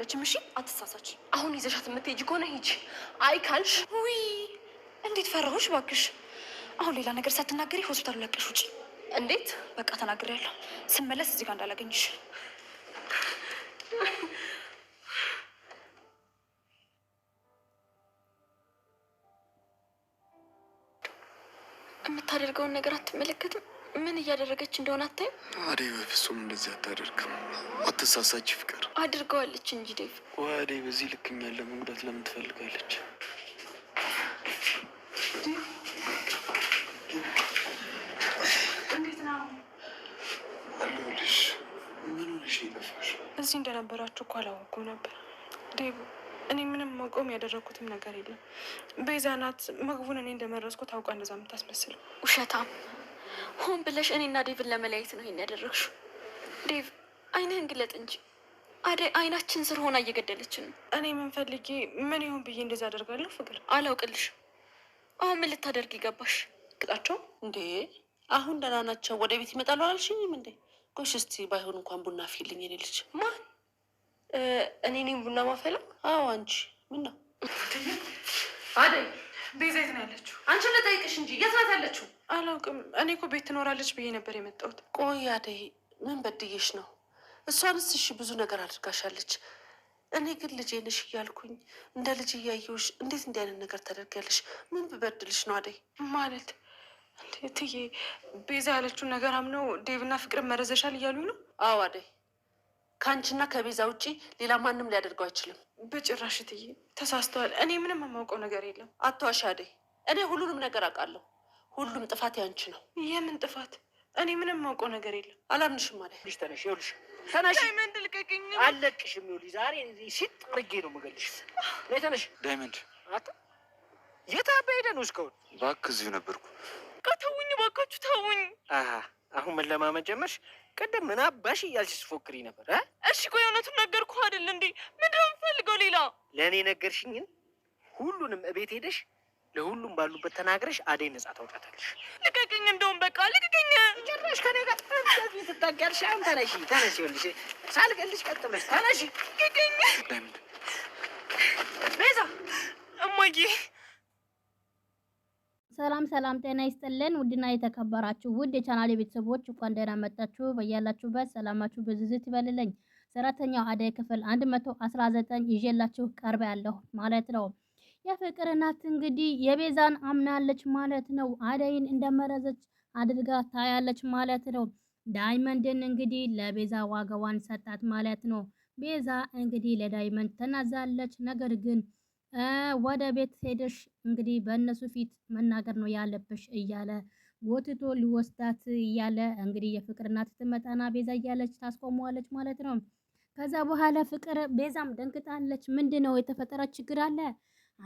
አይደለችም። እሺ አትሳሳች። አሁን ይዘሻት የምትሄጂ ከሆነ ሂጂ፣ አይ ካልሽ ውይ፣ እንዴት ፈራሁሽ ባክሽ። አሁን ሌላ ነገር ሳትናገሪ ሆስፒታሉ ለቀሽ ውጪ። እንዴት? በቃ ተናግሬያለሁ። ስመለስ እዚህ ጋር እንዳላገኝሽ የምታደርገውን ነገር አትመለከትም። ምን እያደረገች እንደሆነ አታይም? አደይ በፍጹም እንደዚህ አታደርግም። አትሳሳች ፍቅር አድርገዋለች እንጂ ዴቭ። ወይ አደይ በዚህ ልክ እኛን ለመጉዳት ለምን ትፈልጋለች? እዚህ እንደነበራችሁ እኮ አላወኩም ነበር ዴቭ። እኔ ምንም መቆም ያደረግኩትም ነገር የለም። ቤዛ ናት ምግቡን እኔ እንደመረዝኩ ታውቃ እንደዛ የምታስመስለው ውሸታም ሆን ብለሽ እኔና ዴቭን ለመለያየት ነው ይሄን ያደረግሽው። ዴቭ አይንህን ግለጥ እንጂ አደይ አይናችን ስር ሆና እየገደለች ነው። እኔ ምን ፈልጌ ምን ይሁን ብዬ እንደዚህ አደርጋለሁ? ፍቅር አላውቅልሽ። አሁን ምን ልታደርግ ይገባሽ? ቅጣቸው እንዴ አሁን ደህና ናቸው። ወደ ቤት ይመጣሉ አላልሽኝም እንዴ? ጎሽ እስቲ ባይሆን እንኳን ቡና ፊልኝ። የኔ ልጅ ማን እኔ ኔም ቡና ማፈላ? አዎ አንቺ ምን ነው አደይ ቤዛ የት ነው ያለችው? አንቺን ልጠይቅሽ እንጂ የት ናት ያለችው? አላውቅም። እኔ እኮ ቤት ትኖራለች ብዬ ነበር የመጣሁት። ቆይ አደይ፣ ምን በድዬሽ ነው? እሷንስ እሺ ብዙ ነገር አድርጋሻለች። እኔ ግን ልጄ ነሽ እያልኩኝ እንደ ልጅ እያየሁሽ እንዴት እንዲህ አይነት ነገር ታደርጊያለሽ? ምን ብበድልሽ ነው አደይ? ማለት እትዬ ቤዛ ያለችውን ነገር አምነው ዴቭና ፍቅርን መረዘሻል እያሉኝ ነው? አዎ አደይ፣ ከአንቺና ከቤዛ ውጪ ሌላ ማንም ሊያደርገው አይችልም። በጭራሽ እትዬ፣ ተሳስተዋል። እኔ ምንም የማውቀው ነገር የለም። አትዋሽ አደይ፣ እኔ ሁሉንም ነገር አውቃለሁ። ሁሉም ጥፋት ያንቺ ነው። የምን ጥፋት? እኔ ምንም ማውቀው ነገር የለም። አላምንሽም ማለት ልጅ ተነሽ፣ ይኸውልሽ ተነሽ። ዳይመንድ ልቀቅኝ። አለቅሽም። ይኸውልሽ ዛሬ ሲጥ አድርጌ ነው የምገልሽ። ነይ ተነሽ። ዳይመንድ የት አባ ሄደ ነው እስካሁን? እባክህ እዚሁ ነበርኩ። በቃ ተውኝ እባካችሁ ተውኝ። አሁን ምን ለማመን ጀመርሽ? ቅድም ምን አባሽ እያልሽ ስፎክሪ ነበር። እሺ ቆይ እውነቱን ነገርኩህ አይደል እንዴ? ምንድን ነው የምፈልገው ሌላ? ለእኔ ነገርሽኝን ሁሉንም እቤት ሄደሽ ለሁሉም ባሉበት ተናግረሽ አደይ ነጻ ታውጣታለሽ። ልቀቅኝ፣ እንደውም በቃ ልቀቅኝ። ጭራሽ ከኔ ጋር እንደዚህ አሁን ተነሺ፣ ተነሺ፣ ይኸውልሽ ሳልገልሽ ቀጥ ተነሺ። ልቀቅኝ። ዳይመንድ ቤዛ፣ እሞዬ ሰላም ሰላም፣ ጤና ይስጥልን። ውድና የተከበራችሁ ውድ የቻናሌ ቤተሰቦች እንኳን ደህና መጣችሁ። በያላችሁበት ሰላማችሁ ብዝዝት ይበልልኝ። ሰራተኛው አደይ ክፍል 119 ይዤላችሁ ቀርበ ያለሁ ማለት ነው። የፍቅርናት እንግዲህ የቤዛን አምናለች ማለት ነው። አደይን እንደመረዘች አድርጋ ታያለች ማለት ነው። ዳይመንድን እንግዲህ ለቤዛ ዋጋዋን ሰጣት ማለት ነው። ቤዛ እንግዲህ ለዳይመንድ ተናዛለች። ነገር ግን ወደ ቤት ሄደሽ እንግዲህ በእነሱ ፊት መናገር ነው ያለብሽ እያለ ወትቶ ሊወስዳት እያለ እንግዲህ የፍቅር ትመጣና ቤዛ እያለች ታስቆመዋለች ማለት ነው። ከዛ በኋላ ፍቅር ቤዛም ደንግጣለች። ምንድን ነው የተፈጠረ ችግር አለ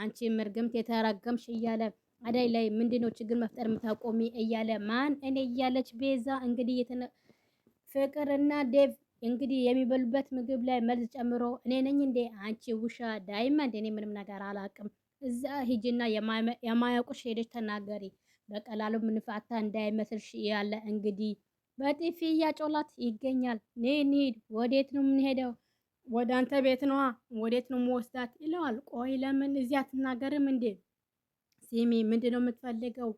አንቺ መርገምት የተረገምሽ እያለ አዳይ ላይ ምንድነው ችግር መፍጠር የምታቆሚ እያለ ማን እኔ እያለች ቤዛ እንግዲህ ፍቅርና ዴቭ እንግዲህ የሚበሉበት ምግብ ላይ መልዝ ጨምሮ እኔ ነኝ እንዴ አንቺ ውሻ ዳይመንድ፣ እኔ ምንም ነገር አላውቅም። እዛ ሂጂና የማያውቁሽ ሄደች ተናገሪ፣ በቀላሉ ምንፋታ እንዳይመስልሽ ያለ እንግዲህ በጥፊ እያጮላት ይገኛል። ኒድ ወዴት ነው የምንሄደው? ወደ አንተ ቤት ነዋ። ወዴት ነው መወስዳት ይለዋል። ቆይ ለምን እዚህ አትናገርም እንዴ? ሲሚ ምንድን ነው የምትፈልገው?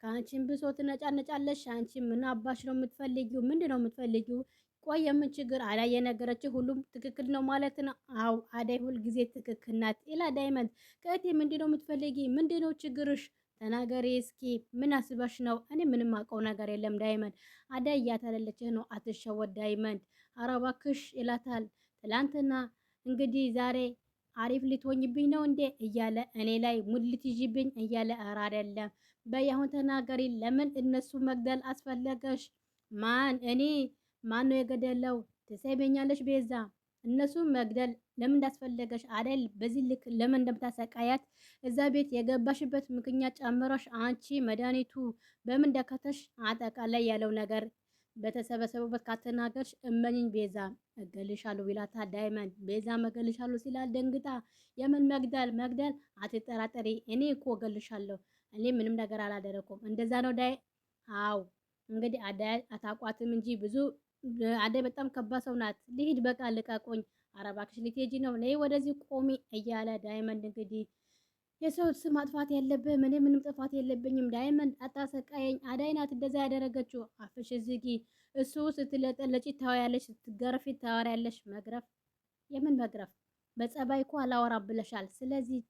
ከአንቺን ብሶ ትነጫነጫለሽ። አንቺ ምን አባሽ ነው የምትፈልጊው? ምንድን ነው የምትፈልጊው? ቆይ የምን ችግር አዳይ የነገረች ሁሉም ትክክል ነው ማለት ነው? አው አዳይ ሁልጊዜ ትክክል ናት ይላ ዳይመንድ። ከእቴ ምንድን ነው የምትፈልጊ? ምንድን ነው ችግርሽ? ተናገሪ እስኪ ምን አስበሽ ነው? እኔ ምንም አውቀው ነገር የለም ዳይመንድ። አዳይ እያታለለችህ ነው። አትሸወድ ዳይመንድ። አረ እባክሽ ይላታል ትላንትና እንግዲህ ዛሬ አሪፍ ልትሆኝብኝ ነው እንዴ እያለ እኔ ላይ ሙድ ልትይዥብኝ እያለ ኧረ አይደለም በይ ተናገሪ። ለምን እነሱ መግደል አስፈለገሽ? ማን እኔ ማን ነው የገደለው? ትሰይበኛለሽ ቤዛ፣ እነሱ መግደል ለምን እንዳስፈለገሽ አደል? በዚህ ልክ ለምን እንደምታሰቃያት እዛ ቤት የገባሽበት ምክንያት ጨምረሽ አንቺ መድኃኒቱ በምን ደከተሽ አጠቃላይ ያለው ነገር በተሰበሰቡበት ካተናገርሽ እመኝኝ ቤዛ እገልሻለሁ ቢላታ ዳይመንድ። ቤዛ መገልሻለሁ ሲላል ደንግጣ የምን መግደል መግደል አትጠራጠሪ፣ እኔ እኮ እገልሻለሁ፣ እኔ ምንም ነገር አላደረኩም። እንደዛ ነው ዳይ? አው እንግዲህ አዳይ አታቋትም እንጂ ብዙ አዳይ በጣም ከባድ ሰው ናት። ልሂድ፣ በቃ ልቀቁኝ። አረባክሽ ልትሄጂ ነው? ነይ ወደዚህ ቆሚ እያለ ዳይመንድ እንግዲህ የሰው ስም ማጥፋት ያለብህም እኔ ምንም ጥፋት የለብኝም። ዳይመንድ አታሰቃየኝ። አዳይ ናት እንደዛ ያደረገችው። አፍሽ ዝጊ። እሱ ስትለጠለጪ ታወያለሽ፣ ስትገረፊ ታወሪያለሽ። መግረፍ የምን መግረፍ? በጸባይ እኮ አላወራ ብለሻል። ስለዚህ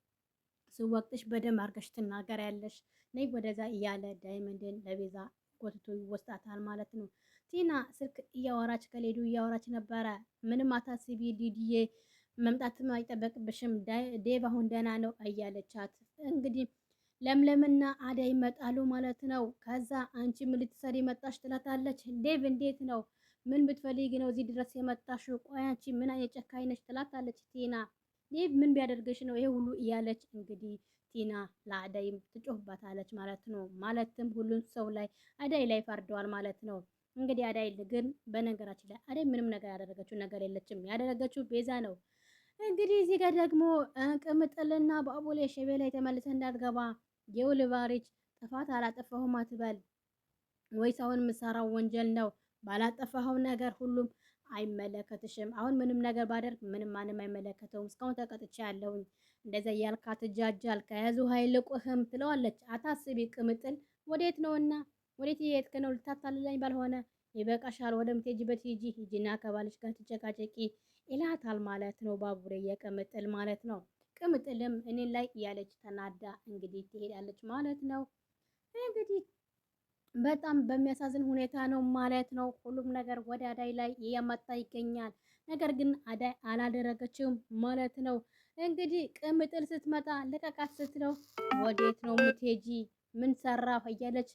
ስወቅትሽ በደንብ ትናገር ያለሽ ነይ ወደዛ እያለ ዳይመንድን ለቤዛ ጎትቶ ይወስዳታል ማለት ነው። ቲና ስልክ እያወራች ከሌዱ እያወራች ነበረ። ምንም አታስቢ ሊዲዬ መምጣትም አይጠበቅብሽም ዴቭ አሁን ደህና ነው እያለቻት እንግዲህ ለምለምና አደይ ይመጣሉ ማለት ነው። ከዛ አንቺ ምን ልትሰሪ መጣሽ ትላታለች። ዴቭ እንዴት ነው ምን ብትፈልጊ ነው እዚህ ድረስ የመጣሽ? ቆይ አንቺ ምን አይነት ጨካኝ ነሽ ትላታለች ቲና። ዴቭ ምን ቢያደርግሽ ነው ይሄ ሁሉ እያለች እንግዲህ ቲና ለአደይም ትጮህባታለች ማለት ነው። ማለትም ሁሉን ሰው ላይ አደይ ላይ ፈርደዋል ማለት ነው። እንግዲህ አዳይ ግን በነገራችን ላይ አዳይ ምንም ነገር ያደረገችው ነገር የለችም። ያደረገችው ቤዛ ነው። እንግዲህ እዚህ ጋር ደግሞ ቅምጥልና በአቦሌ ሸቤ ላይ ተመልሰ እንዳትገባ የውልባሪች ጥፋት አላጠፋሁም አትበል ወይስ አሁን የምሰራው ወንጀል ነው። ባላጠፋኸው ነገር ሁሉም አይመለከትሽም። አሁን ምንም ነገር ባደርግ ምንም ማንም አይመለከተውም። እስካሁን ተቀጥቼ ያለሁኝ እንደዛ እያልካ ትጃጃል ከያዙ ሀይልቁህም ትለዋለች። አታስቢ ቅምጥል ወዴት ነውና ወዴት የሄድክ ነው? ልታታልላኝ ባልሆነ ይበቃሻል። ወደ ምትሄጂበት ሂጂ። ሂጂና ከባልሽ ጋር ትጨቃጨቂ ይላታል ማለት ነው። ባቡሬ የቅምጥል ማለት ነው። ቅምጥልም እኔ ላይ እያለች ተናዳ እንግዲህ ትሄዳለች ማለት ነው። እንግዲህ በጣም በሚያሳዝን ሁኔታ ነው ማለት ነው። ሁሉም ነገር ወደ አዳይ ላይ እያመጣ ይገኛል። ነገር ግን አዳይ አላደረገችውም ማለት ነው። እንግዲህ ቅምጥል ስትመጣ ልቀቃት ስትለው ወዴት ነው ምትሄጂ? ምን ሰራሁ? እያለች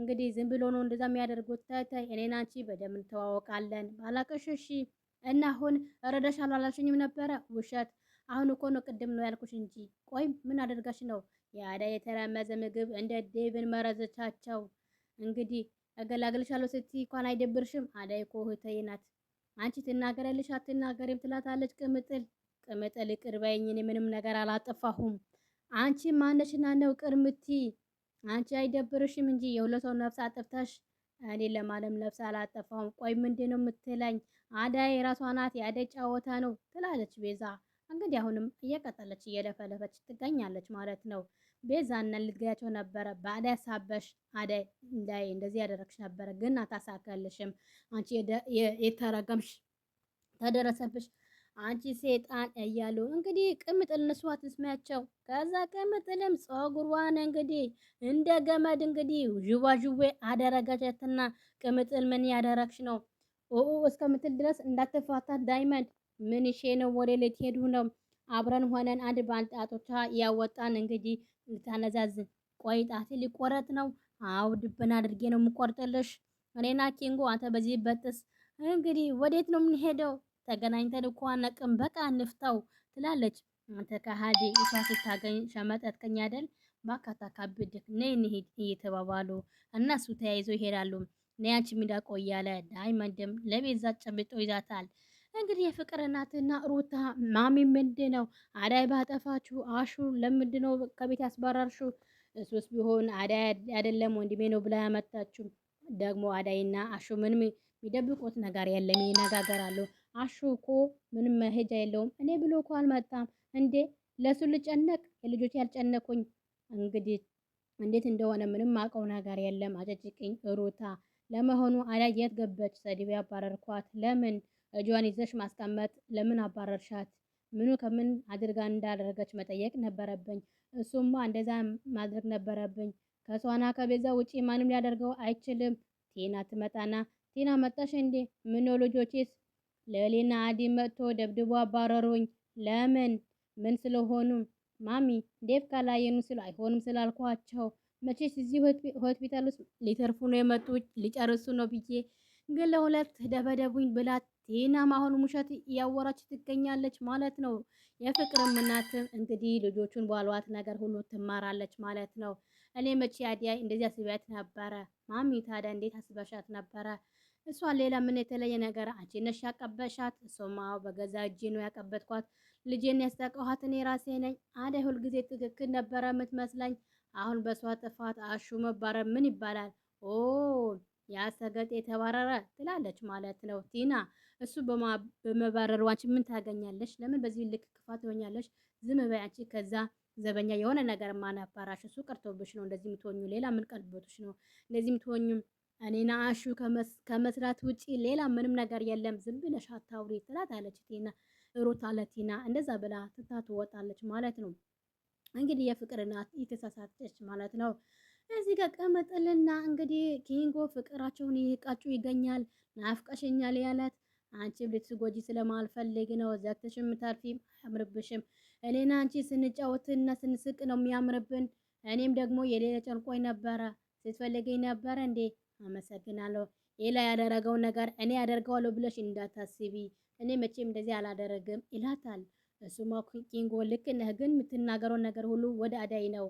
እንግዲህ ዝም ብሎ ነው እንደዛ የሚያደርጉት። ተይ እኔን አንቺ በደም እንተዋወቃለን ባላቀሽ እሺ። እና አሁን ረዳሻለሁ አላልሽኝም ነበረ? ውሸት። አሁን እኮ ነው ቅድም ነው ያልኩሽ እንጂ። ቆይ ምን አደርጋሽ ነው? የአዳይ የተረመዘ ምግብ እንደ ዴቭን መረዘቻቸው። እንግዲህ እገላግልሻለሁ ስትይ እንኳን አይደብርሽም? አዳይ እኮ እህቴ ናት። አንቺ ትናገረልሽ አትናገሪም ትላታለች ቅምጥል። ቅምጥል ይቅር በይኝ፣ እኔ ምንም ነገር አላጠፋሁም። አንቺ ማነሽና ነው ቅርምቲ አንቺ አይደብርሽም እንጂ የሁለተው ነፍስ አጥፍተሽ እኔ ለማለም ነፍስ አላጠፋሁም። ቆይ ምንድን ነው የምትለኝ? አዳይ የራሷ ናት፣ የአዳይ ጫወታ ነው ትላለች ቤዛ። እንግዲህ አሁንም እየቀጠለች እየለፈለፈች ትገኛለች ማለት ነው። ቤዛ እና ልትገያቸው ነበረ። በአዳይ አሳበሽ አዳይ እንዳይ እንደዚህ ያደረግሽ ነበረ፣ ግን አታሳካልሽም። አንቺ የተረገምሽ ተደረሰብሽ አንቺ ሴጣን እያሉ እንግዲህ ቅምጥል ንስዋት ስሚያቸው። ከዛ ቅምጥልም ጸጉሯን እንግዲህ እንደ ገመድ እንግዲህ ዥዋዥዌ አደረጋቸትና ቅምጥል ምን ያደረግሽ ነው ኦኦ እስከምትል ድረስ እንዳትፋታት። ዳይመንድ ምን ሼ ነው ወደ ሌት ነው አብረን ሆነን አንድ ባልጣቶቻ ያወጣን እንግዲህ ልታነዛዝን ቆይ ጣቴ ሊቆረጥ ነው። አው ድብን አድርጌ ነው የምቆርጥልሽ እኔና ኪንጎ አንተ በዚህ በጥስ እንግዲህ ወዴት ነው የምንሄደው? ተገናኝተን እኮ አናውቅም፣ በቃ እንፍታው ትላለች። አንተ ከሃዲ እሷ ስታገኝ ሸመጠጥከኝ አይደል ባካታ ካብድ ነይ እንሂድ እየተባባሉ እነሱ ተያይዘው ይሄዳሉ። ነያች አንቺ ሚዳቆ እያለ ዳይመንድም ለቤዛ ጨብጦ ይዛታል። እንግዲህ የፍቅር እናትና ሩታ ማሚ ምንድን ነው አዳይ ባጠፋችሁ አሹ ለምንድን ነው ከቤት ያስባራርሹ? እሱስ ቢሆን አዳይ አይደለም ወንድሜ ነው ብላ ያመጣችሁ። ደግሞ አዳይና አሹ ምንም የሚደብቁት ነገር የለም፣ ይነጋገራሉ። አሹ እኮ ምንም መሄጃ የለውም። እኔ ብሎ እኮ አልመጣም እንዴ ለሱ ልጨነቅ የልጆች ያልጨነቁኝ እንግዲህ እንዴት እንደሆነ ምንም አውቀው ነገር የለም። አጨጭቅኝ ሩታ ለመሆኑ አዳይ የት ገበች? ሰዲብ ያባረርኳት ለምን እጇን ይዘሽ ማስቀመጥ ለምን አባረርሻት? ምኑ ከምን አድርጋ እንዳደረገች መጠየቅ ነበረብኝ። እሱማ እንደዛ ማድረግ ነበረብኝ። ከሷና ከቤዛ ውጪ ማንም ሊያደርገው አይችልም። ቲና ትመጣና ቲና መጣሽ እንዴ? ምነው ልጆቼስ ሌሊና አዲ መጥቶ ደብድቦ አባረሩኝ። ለምን? ምን ስለሆኑ? ማሚ ዴቭ ካላየኑ ስለ አይሆንም ስላልኳቸው መቼስ እዚህ ሆስፒታል ውስጥ ሊተርፉ ነው የመጡ ሊጨርሱ ነው ብዬ ግን ለሁለት ደበደቡኝ ብላ ቲናም አሁን ውሸት እያወራች ትገኛለች ማለት ነው። የፍቅርም እናትም እንግዲህ ልጆቹን ባሏት ነገር ሁሉ ትማራለች ማለት ነው። እኔ መቼ አዲያ እንደዚህ አስቢያት ነበረ? ማሚ ታዲያ እንዴት አስበሻት ነበረ? እሷ ሌላ ምን የተለየ ነገር አንቺ ነሽ ያቀበሻት? እሱማ በገዛ እጄ ነው ያቀበትኳት። ልጄን ያስጠቀኋት እኔ ራሴ ነኝ። አደይ ሁልጊዜ ትክክል ነበረ የምትመስለኝ። አሁን በሷ ጥፋት አሹ መባረር ምን ይባላል? ኦ ያ ሰገጤ የተባረረ ትላለች ማለት ነው ቲና። እሱ በመባረር አንቺ ምን ታገኛለሽ? ለምን በዚህ ልክ ክፋት ትሆኛለሽ? ዝም በይ አንቺ። ከዛ ዘበኛ የሆነ ነገር ማናፋራሽ እሱ ቀርቶብሽ ነው እንደዚህ የምትሆኙ። ሌላ ምን ቀልቦትሽ ነው እንደዚህ የምትሆኙ? እኔ ናአሹ ከመስራት ውጪ ሌላ ምንም ነገር የለም፣ ዝም ብለሽ አታውሪ ትላታለች ቲና ሩታ ለቲና እንደዛ ብላ ትታ ትወጣለች ማለት ነው። እንግዲህ የፍቅር እናት የተሳሳተች ማለት ነው። እዚህ ጋር ቀመጥልና እንግዲህ ኪንጎ ፍቅራቸውን ይቃጩ ይገኛል። ናፍቀሽኛል ያላት አንቺ ልትጎጂ ስለማልፈልግ ነው። ዘግተሽም ታርፊም አያምርብሽም። እኔና አንቺ ስንጫወትና ስንስቅ ነው የሚያምርብን። እኔም ደግሞ የሌለ ጨንቆኝ ነበረ ስትፈልገኝ ነበረ እንዴ አመሰግናለሁ። ሌላ ያደረገውን ነገር እኔ ያደርገዋለሁ ብለሽ እንዳታስቢ፣ እኔ መቼም እንደዚህ አላደረግም ይላታል። እሱማ ኪንጎ ልክ ነህ፣ ግን የምትናገረውን ነገር ሁሉ ወደ አዳይ ነው።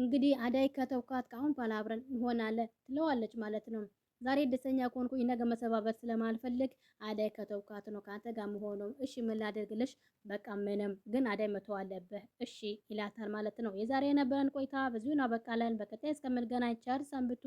እንግዲህ አዳይ ከተውካት ከአሁን በኋላ አብረን እንሆናለን ትለዋለች ማለት ነው። ዛሬ ደስተኛ ከሆንኩኝ ነገ መሰባበር ስለማልፈልግ አዳይ ከተውካት ነው ከአንተ ጋር መሆነው። እሺ ምን ላደርግልሽ? በቃ ምንም፣ ግን አዳይ መተው አለብህ። እሺ ይላታል ማለት ነው። የዛሬ የነበረን ቆይታ በዚሁ እናበቃለን። በቀጣይ እስከምንገናኝ ቸር ሰንብቱ።